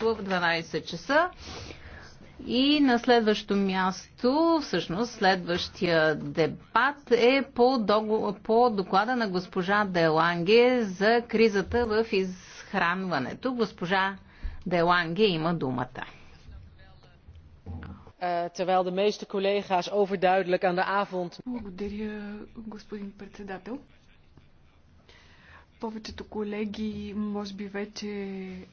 в 12 часа. И на следващо място, всъщност следващия дебат е по, догу... по доклада на госпожа Деланге за кризата в изхранването. Госпожа Деланге има думата. Terwijl de meeste collega's overduidelijk aan de avond. Благодаря, господин председател. Повечето колеги, може би вече е,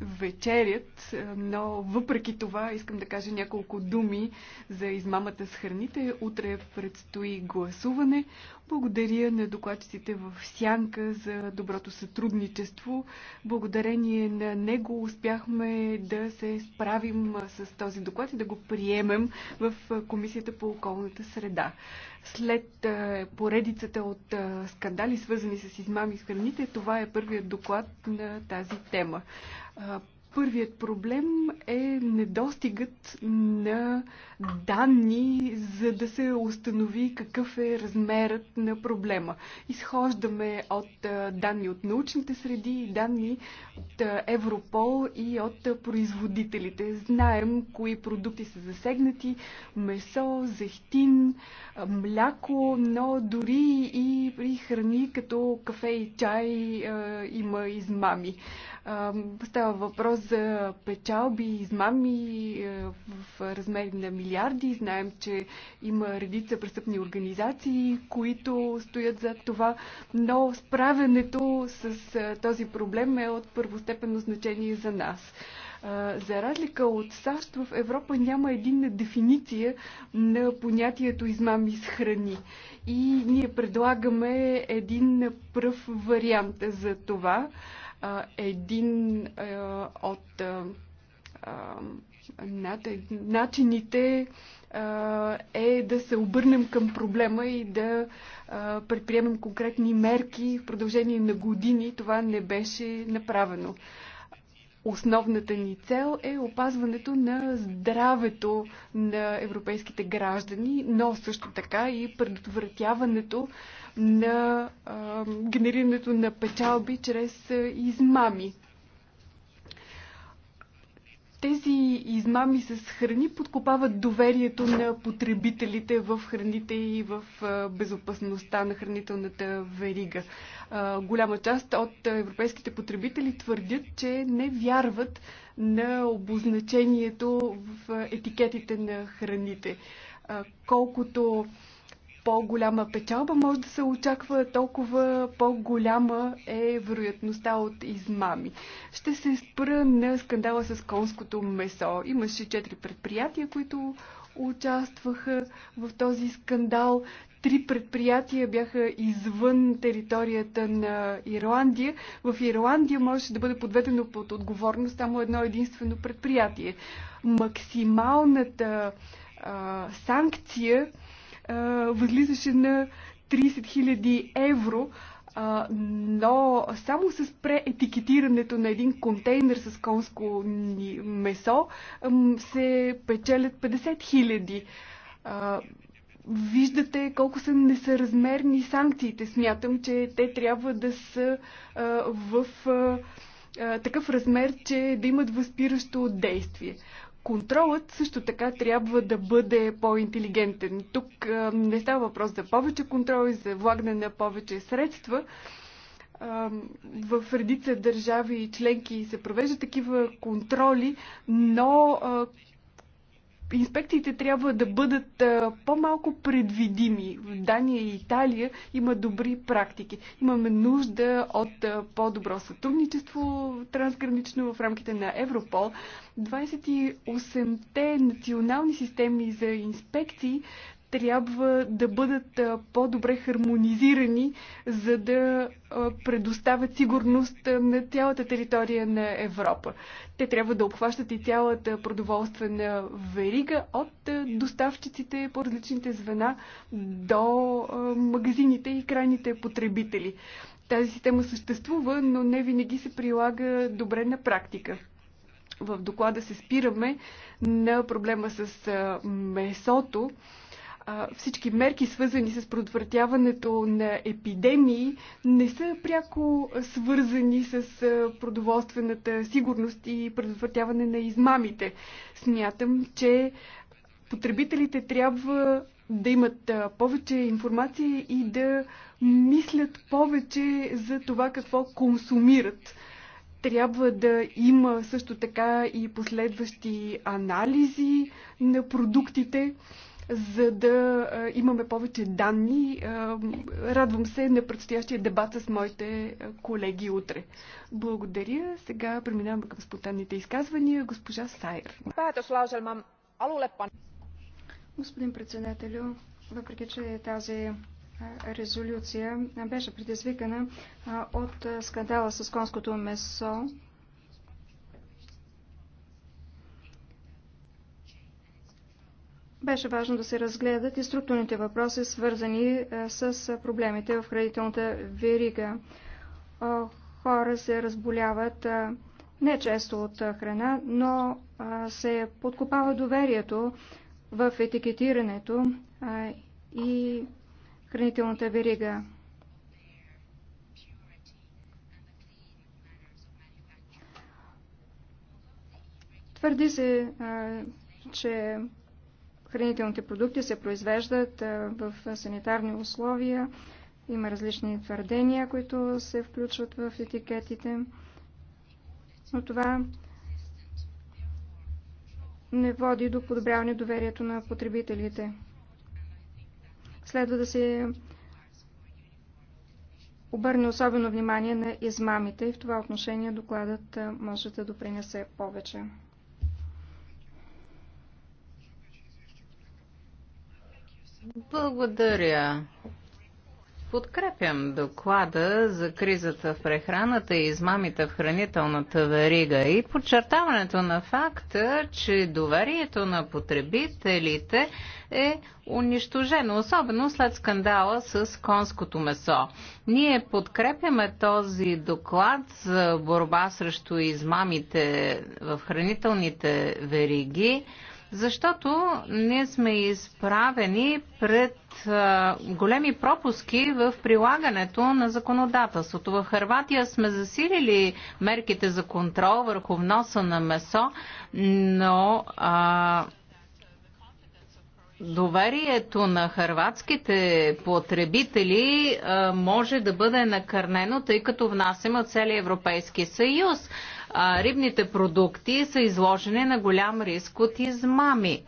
вечерят, е, но въпреки това искам да кажа няколко думи за измамата с храните. Утре предстои гласуване. Благодаря на докладчиците в Сянка за доброто сътрудничество. Благодарение на него успяхме да се справим с този доклад и да го приемем в Комисията по околната среда. След поредицата от скандали, свързани с измами с храните, това е първият доклад на тази тема. Първият проблем е недостигът на данни, за да се установи какъв е размерът на проблема. Изхождаме от данни от научните среди, данни от Европол и от производителите. Знаем кои продукти са засегнати месо, зехтин, мляко, но дори и при храни като кафе и чай има измами. Става въпрос за печалби, измами е, в размер на милиарди. Знаем, че има редица престъпни организации, които стоят за това, но справянето с е, този проблем е от първостепенно значение за нас. Е, за разлика от САЩ, в Европа няма единна дефиниция на понятието измами с храни. И ние предлагаме един пръв вариант за това един от начините е да се обърнем към проблема и да предприемем конкретни мерки. В продължение на години това не беше направено. Основната ни цел е опазването на здравето на европейските граждани, но също така и предотвратяването на а, генерирането на печалби чрез измами. Тези измами с храни подкопават доверието на потребителите в храните и в безопасността на хранителната верига. Голяма част от европейските потребители твърдят, че не вярват на обозначението в етикетите на храните. Колкото по-голяма печалба може да се очаква, толкова по-голяма е вероятността от измами. Ще се спра на скандала с конското месо. Имаше четири предприятия, които участваха в този скандал. Три предприятия бяха извън територията на Ирландия. В Ирландия можеше да бъде подведено под отговорност само едно единствено предприятие. Максималната а, санкция възлизаше на 30 000 евро, но само с преетикетирането на един контейнер с конско месо се печелят 50 хиляди. Виждате колко са несъразмерни санкциите. Смятам, че те трябва да са в такъв размер, че да имат възпиращо действие. Контролът също така трябва да бъде по-интелигентен. Тук не става въпрос за повече контрол и за влагане на повече средства. В редица държави и членки се провеждат такива контроли, но инспекциите трябва да бъдат по-малко предвидими. В Дания и Италия има добри практики. Имаме нужда от по-добро сътрудничество трансгранично в рамките на Европол. 28-те национални системи за инспекции трябва да бъдат по-добре хармонизирани, за да предоставят сигурност на цялата територия на Европа. Те трябва да обхващат и цялата продоволствена верига от доставчиците по различните звена до магазините и крайните потребители. Тази система съществува, но не винаги се прилага добре на практика. В доклада се спираме на проблема с месото всички мерки, свързани с предотвратяването на епидемии, не са пряко свързани с продоволствената сигурност и предотвратяване на измамите. Смятам, че потребителите трябва да имат повече информация и да мислят повече за това какво консумират. Трябва да има също така и последващи анализи на продуктите за да имаме повече данни. Радвам се на предстоящия дебат с моите колеги утре. Благодаря. Сега преминаваме към спонтанните изказвания. Госпожа Сайер. Господин председателю, въпреки че тази резолюция беше предизвикана от скандала с конското месо, Беше важно да се разгледат и структурните въпроси, свързани е, с е, проблемите в хранителната верига. Хора се разболяват е, не често от храна, но се подкопава доверието в етикетирането и хранителната верига. Твърди се, че хранителните продукти се произвеждат в санитарни условия. Има различни твърдения, които се включват в етикетите. Но това не води до подобряване доверието на потребителите. Следва да се обърне особено внимание на измамите и в това отношение докладът може да допринесе повече. Благодаря. Подкрепям доклада за кризата в прехраната и измамите в хранителната верига и подчертаването на факта, че доверието на потребителите е унищожено, особено след скандала с конското месо. Ние подкрепяме този доклад за борба срещу измамите в хранителните вериги защото ние сме изправени пред големи пропуски в прилагането на законодателството. В Харватия сме засилили мерките за контрол върху вноса на месо, но а, доверието на хърватските потребители а, може да бъде накърнено, тъй като внасяме от целия Европейски съюз рибните продукти са изложени на голям риск от измами.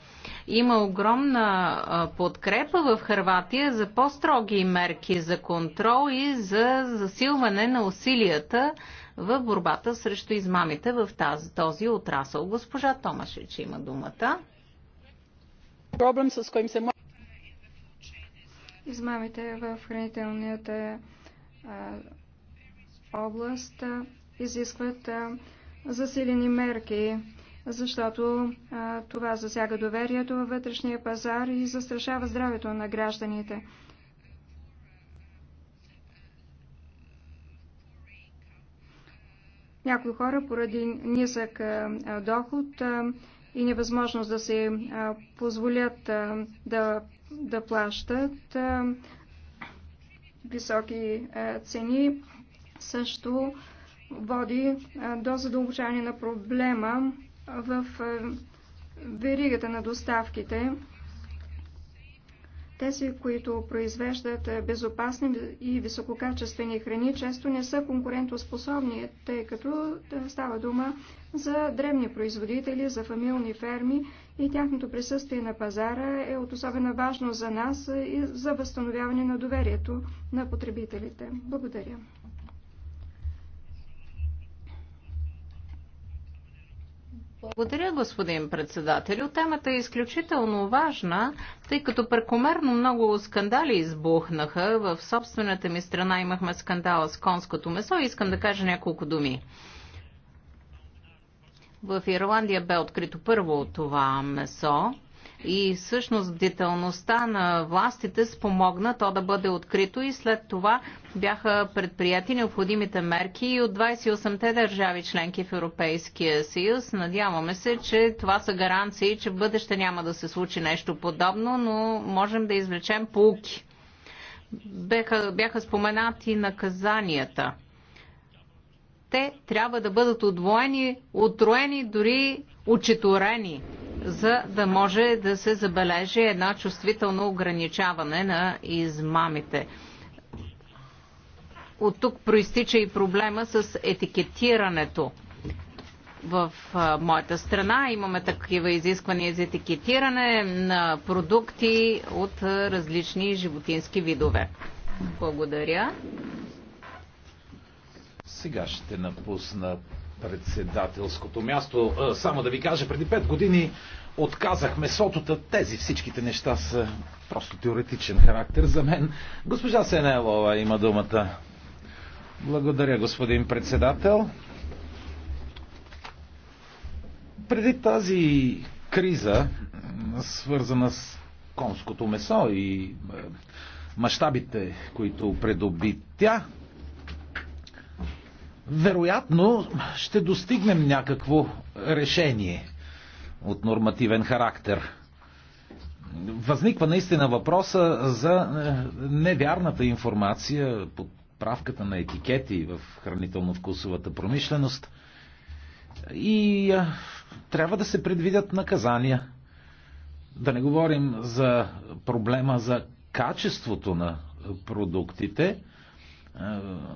Има огромна подкрепа в Харватия за по-строги мерки за контрол и за засилване на усилията в борбата срещу измамите в тази, този отрасъл. Госпожа Томашич има думата. Проблем, с който се Измамите в хранителната област изискват засилени мерки, защото това засяга доверието във вътрешния пазар и застрашава здравето на гражданите. Някои хора поради нисък доход и невъзможност да се позволят да, да плащат високи цени, също води до задълбочаване на проблема в веригата на доставките. Тези, които произвеждат безопасни и висококачествени храни, често не са конкурентоспособни, тъй като става дума за древни производители, за фамилни ферми и тяхното присъствие на пазара е от особена важност за нас и за възстановяване на доверието на потребителите. Благодаря. Благодаря, господин председател. Темата е изключително важна, тъй като прекомерно много скандали избухнаха. В собствената ми страна имахме скандала с конското месо и искам да кажа няколко думи. В Ирландия бе открито първо това месо и всъщност бдителността на властите спомогна то да бъде открито и след това бяха предприяти необходимите мерки и от 28-те държави членки в Европейския съюз. Надяваме се, че това са гаранции, че в бъдеще няма да се случи нещо подобно, но можем да извлечем полки. Бяха, бяха споменати наказанията те трябва да бъдат отвоени, отроени, дори учеторени за да може да се забележи едно чувствително ограничаване на измамите. От тук проистича и проблема с етикетирането. В моята страна имаме такива изисквания за етикетиране на продукти от различни животински видове. Благодаря. Сега ще напусна председателското място. Е, само да ви кажа, преди 5 години отказах сотота, Тези всичките неща са просто теоретичен характер за мен. Госпожа Сенелова има думата. Благодаря, господин председател. Преди тази криза, свързана с конското месо и е, мащабите, които предоби тя, вероятно ще достигнем някакво решение от нормативен характер. Възниква наистина въпроса за е, невярната информация, правката на етикети в хранително-вкусовата промишленост и а, е, трябва да се предвидят наказания. Да не говорим за проблема за качеството на продуктите,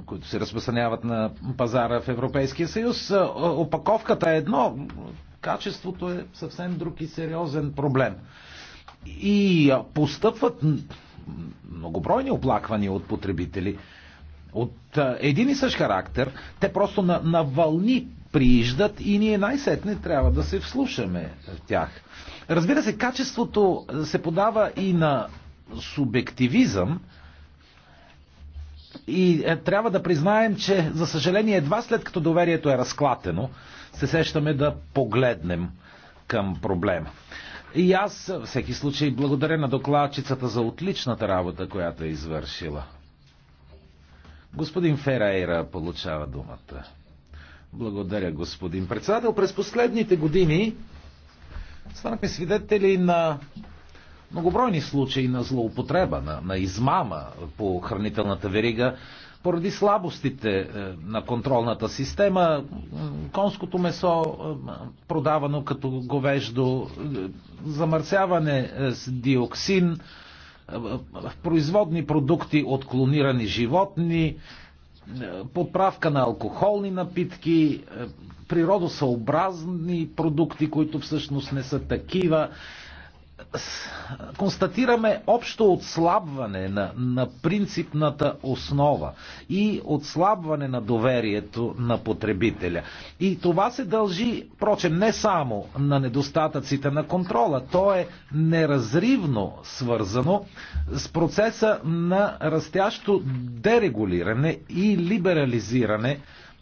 които се разпространяват на пазара в Европейския съюз. Опаковката е едно, качеството е съвсем друг и сериозен проблем. И постъпват многобройни оплаквания от потребители от един и същ характер. Те просто на, на вълни прииждат и ние най-сетне трябва да се вслушаме в тях. Разбира се, качеството се подава и на субективизъм, и е, трябва да признаем, че за съжаление едва след като доверието е разклатено, се сещаме да погледнем към проблема. И аз, във всеки случай, благодаря на докладчицата за отличната работа, която е извършила. Господин Ферайра получава думата. Благодаря, господин председател. През последните години станахме свидетели на многобройни случаи на злоупотреба, на, на измама по хранителната верига, поради слабостите е, на контролната система, конското месо, е, продавано като говеждо, е, замърсяване с диоксин, производни продукти от клонирани животни, подправка на алкохолни напитки, природосъобразни продукти, които всъщност не са такива констатираме общо отслабване на, на принципната основа и отслабване на доверието на потребителя. И това се дължи, прочем, не само на недостатъците на контрола, то е неразривно свързано с процеса на растящо дерегулиране и либерализиране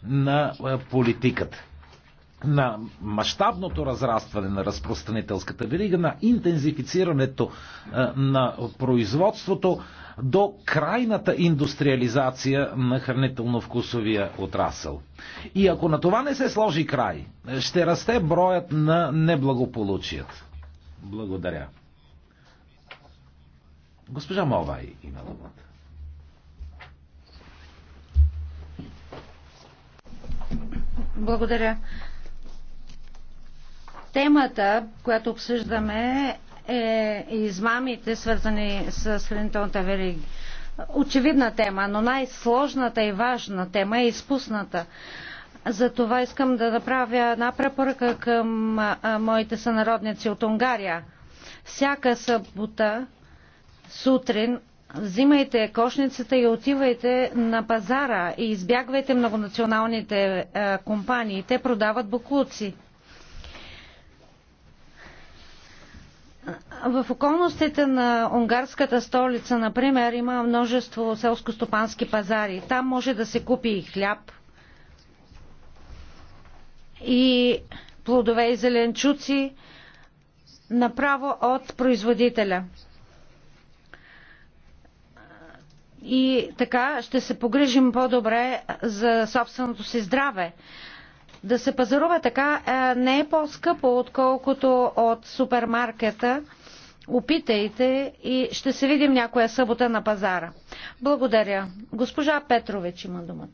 на е, политиката на мащабното разрастване на разпространителската верига, на интензифицирането е, на производството до крайната индустриализация на хранително-вкусовия отрасъл. И ако на това не се сложи край, ще расте броят на неблагополучият. Благодаря. Госпожа Мовай има думата. Благодаря. Темата, която обсъждаме е измамите, свързани с хранителната верига. Очевидна тема, но най-сложната и важна тема е изпусната. Затова искам да направя една препоръка към моите сънародници от Унгария. Всяка събота сутрин взимайте кошницата и отивайте на пазара и избягвайте многонационалните компании. Те продават буклуци. В околностите на унгарската столица, например, има множество селско-стопански пазари. Там може да се купи и хляб, и плодове и зеленчуци направо от производителя. И така ще се погрижим по-добре за собственото си здраве. Да се пазарува така не е по-скъпо, отколкото от супермаркета – Опитайте и ще се видим някоя събота на пазара. Благодаря. Госпожа Петрович има думата.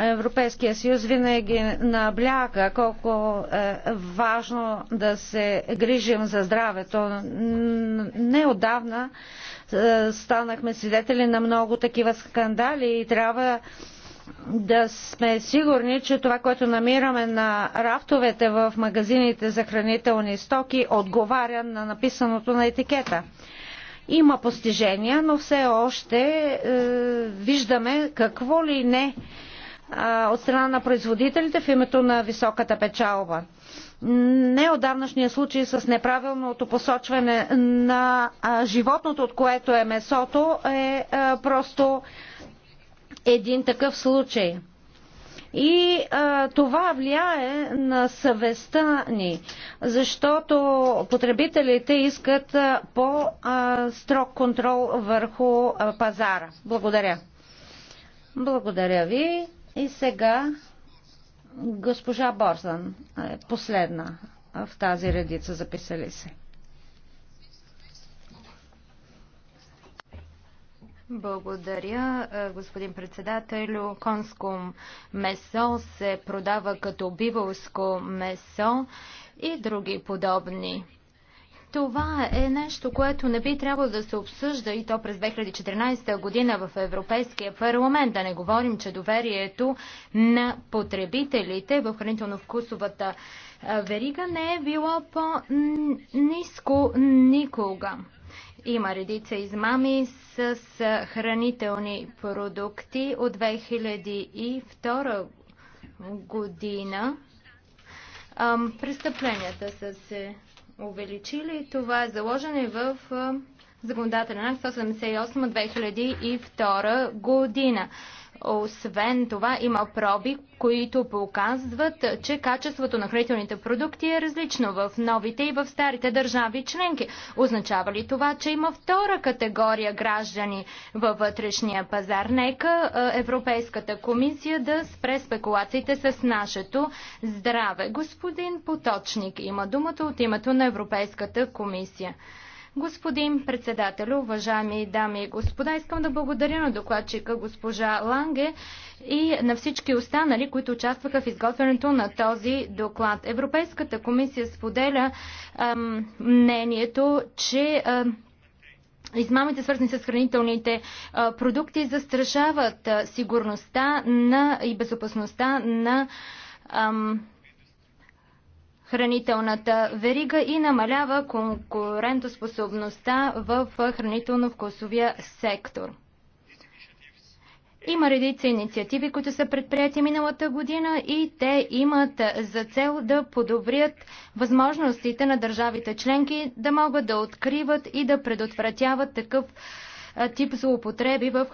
Европейския съюз винаги набляга колко е важно да се грижим за здравето. Неодавна е, станахме свидетели на много такива скандали и трябва да сме сигурни, че това, което намираме на рафтовете в магазините за хранителни стоки, отговаря на написаното на етикета. Има постижения, но все още е, виждаме какво ли не е, от страна на производителите в името на високата печалба. давнашния случай с неправилното посочване на животното, от което е месото, е, е просто един такъв случай. И а, това влияе на съвестта ни, защото потребителите искат по-строг контрол върху а, пазара. Благодаря. Благодаря ви. И сега госпожа Борзан е последна в тази редица записали се. Благодаря, е, господин председател, Конско месо се продава като биволско месо и други подобни. Това е нещо, което не би трябвало да се обсъжда и то през 2014 година в Европейския парламент. Да не говорим, че доверието на потребителите в хранително-вкусовата е, верига не е било по-низко никога. Има редица измами с хранителни продукти от 2002 година. Престъпленията са се увеличили. Това е заложено в законодателен акт 178 2002 година. Освен това има проби, които показват, че качеството на хранителните продукти е различно в новите и в старите държави членки. Означава ли това, че има втора категория граждани във вътрешния пазар? Нека Европейската комисия да спре спекулациите с нашето здраве. Господин Поточник има думата от името на Европейската комисия. Господин председател, уважаеми дами и господа, искам да благодаря на докладчика госпожа Ланге и на всички останали, които участваха в изготвянето на този доклад. Европейската комисия споделя ам, мнението, че ам, Измамите, свързани с хранителните продукти, застрашават сигурността на и безопасността на ам, хранителната верига и намалява конкурентоспособността в хранително-вкусовия сектор. Има редица инициативи, които са предприяти миналата година и те имат за цел да подобрят възможностите на държавите членки да могат да откриват и да предотвратяват такъв тип злоупотреби в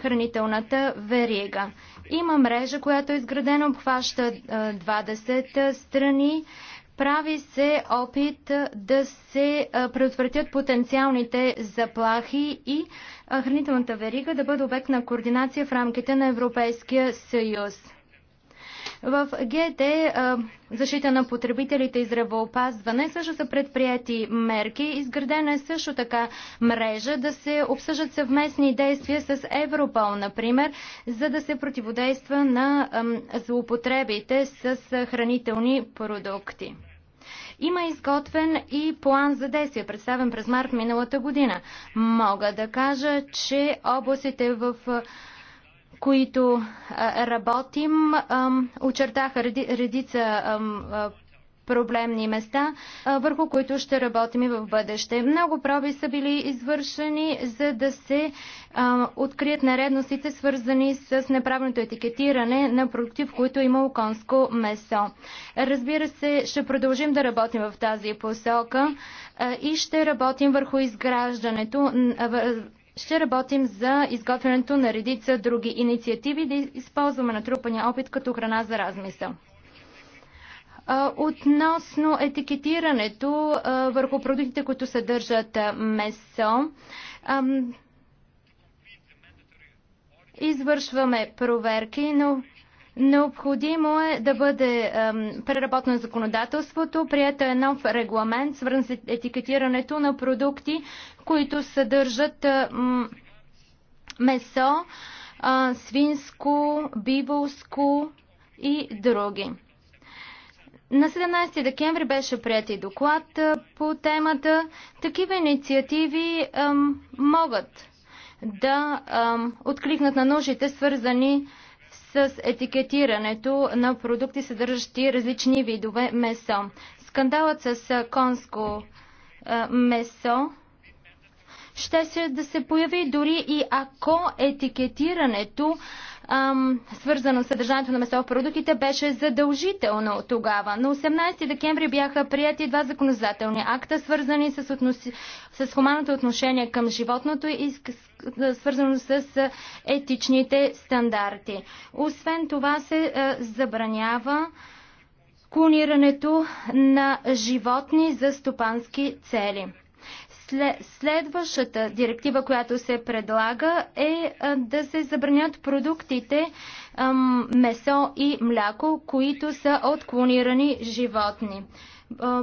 хранителната верига. Има мрежа, която е изградена, обхваща 20 страни. Прави се опит да се предотвратят потенциалните заплахи и хранителната верига да бъде обект на координация в рамките на Европейския съюз. В ГТ защита на потребителите и здравеопазване също са предприяти мерки. Изградена е също така мрежа да се обсъждат съвместни действия с Европол, например, за да се противодейства на злоупотребите с хранителни продукти. Има изготвен и план за действие, представен през март миналата година. Мога да кажа, че областите в които работим, очертаха редица проблемни места, върху които ще работим и в бъдеще. Много проби са били извършени, за да се а, открият наредностите, свързани с неправилното етикетиране на продукти, в които е има оконско месо. Разбира се, ще продължим да работим в тази посока а, и ще работим върху изграждането, а, ще работим за изготвянето на редица други инициативи да използваме натрупания опит като храна за размисъл. Относно етикетирането върху продуктите, които съдържат месо, извършваме проверки, но Необходимо е да бъде ем, преработено законодателството, прието е нов регламент, свързан с етикетирането на продукти, които съдържат ем, месо, е, свинско, биволско и други. На 17 декември беше прият и доклад по темата. Такива инициативи ем, могат да ем, откликнат на нуждите, свързани с етикетирането на продукти, съдържащи различни видове месо. Скандалът с конско месо ще се да се появи дори и ако етикетирането ам, свързано с съдържанието на месо в продуктите, беше задължително тогава. На 18 декември бяха прияти два законодателни акта, свързани с, относи... с хуманното отношение към животното и свързано с етичните стандарти. Освен това се а, забранява клонирането на животни за стопански цели. Следващата директива, която се предлага е да се забранят продуктите месо и мляко, които са от клонирани животни.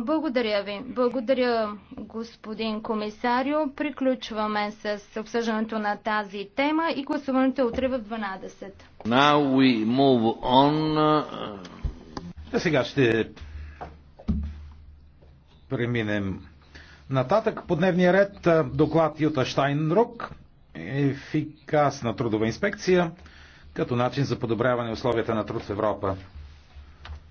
Благодаря ви. Благодаря, господин комисарио. Приключваме с обсъждането на тази тема и гласуването е утре в 12. Now we move on. сега ще преминем Нататък по дневния ред доклад Юта Штайнрук, ефикасна трудова инспекция като начин за подобряване условията на труд в Европа.